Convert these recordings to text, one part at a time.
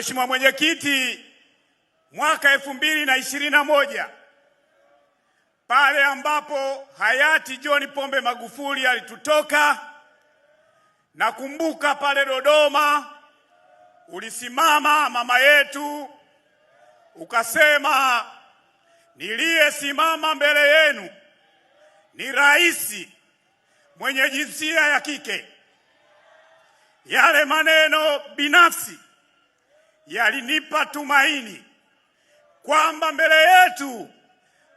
Mheshimiwa Mwenyekiti, mwaka elfu mbili na ishirini na moja pale ambapo hayati John Pombe Magufuli alitutoka, nakumbuka pale Dodoma ulisimama mama yetu ukasema, niliyesimama mbele yenu ni rais mwenye jinsia ya kike. Yale maneno binafsi yalinipa tumaini kwamba mbele yetu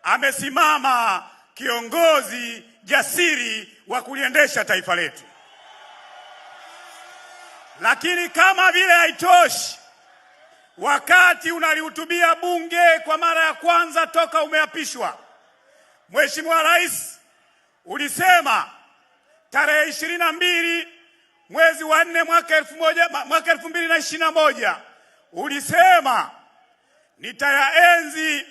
amesimama kiongozi jasiri wa kuliendesha taifa letu. Lakini kama vile haitoshi, wakati unalihutubia bunge kwa mara ya kwanza toka umeapishwa, Mheshimiwa Rais, ulisema tarehe ishirini na mbili mwezi wa nne mwaka elfu mbili na ishirini na moja ulisema nitayaenzi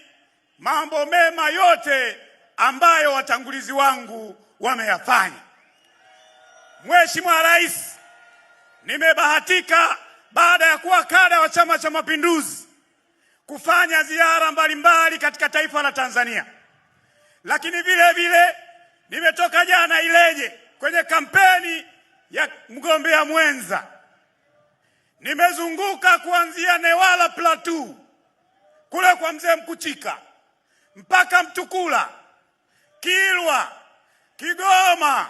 mambo mema yote ambayo watangulizi wangu wameyafanya. Mheshimiwa Rais, nimebahatika baada ya kuwa kada wa Chama cha Mapinduzi kufanya ziara mbalimbali mbali katika taifa la Tanzania, lakini vile vile nimetoka jana Ileje kwenye kampeni ya mgombea mwenza Nimezunguka kuanzia Newala Plateau kule kwa mzee Mkuchika mpaka Mtukula, Kilwa, Kigoma,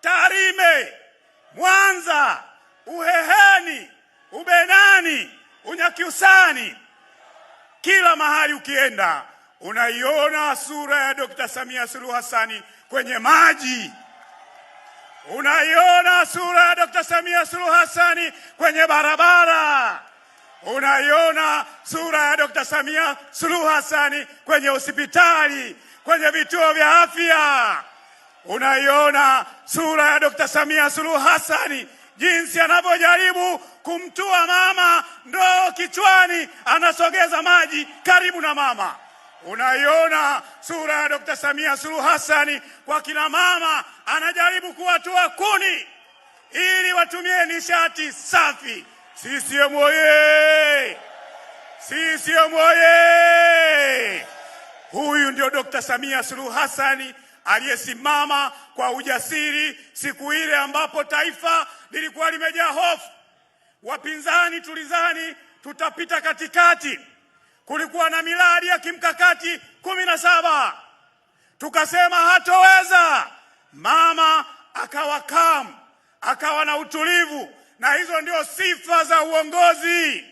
Tarime, Mwanza, Uheheni, Ubenani, Unyakyusani, kila mahali ukienda unaiona sura ya Dr. Samia Suluhu Hassani kwenye maji. Unaiona sura ya Dr. Samia Suluhu Hassani kwenye barabara, unaiona sura ya Dr. Samia Suluhu Hassani kwenye hospitali, kwenye vituo vya afya, unaiona sura ya Dr. Samia Suluhu Hassani jinsi anavyojaribu kumtua mama ndoo kichwani, anasogeza maji karibu na mama. Unaiona sura ya Dr. Samia Suluhu Hassani kwa kina mama anajaribu kuwatoa kuni ili watumie nishati safi. CCM oye! CCM oye! Huyu ndio Dr. Samia Suluhu hasani aliyesimama kwa ujasiri siku ile ambapo taifa lilikuwa limejaa hofu. Wapinzani tulizani tutapita katikati. Kulikuwa na miradi ya kimkakati kumi na saba, tukasema hatoweza mama akawa calm, akawa na utulivu, na hizo ndio sifa za uongozi.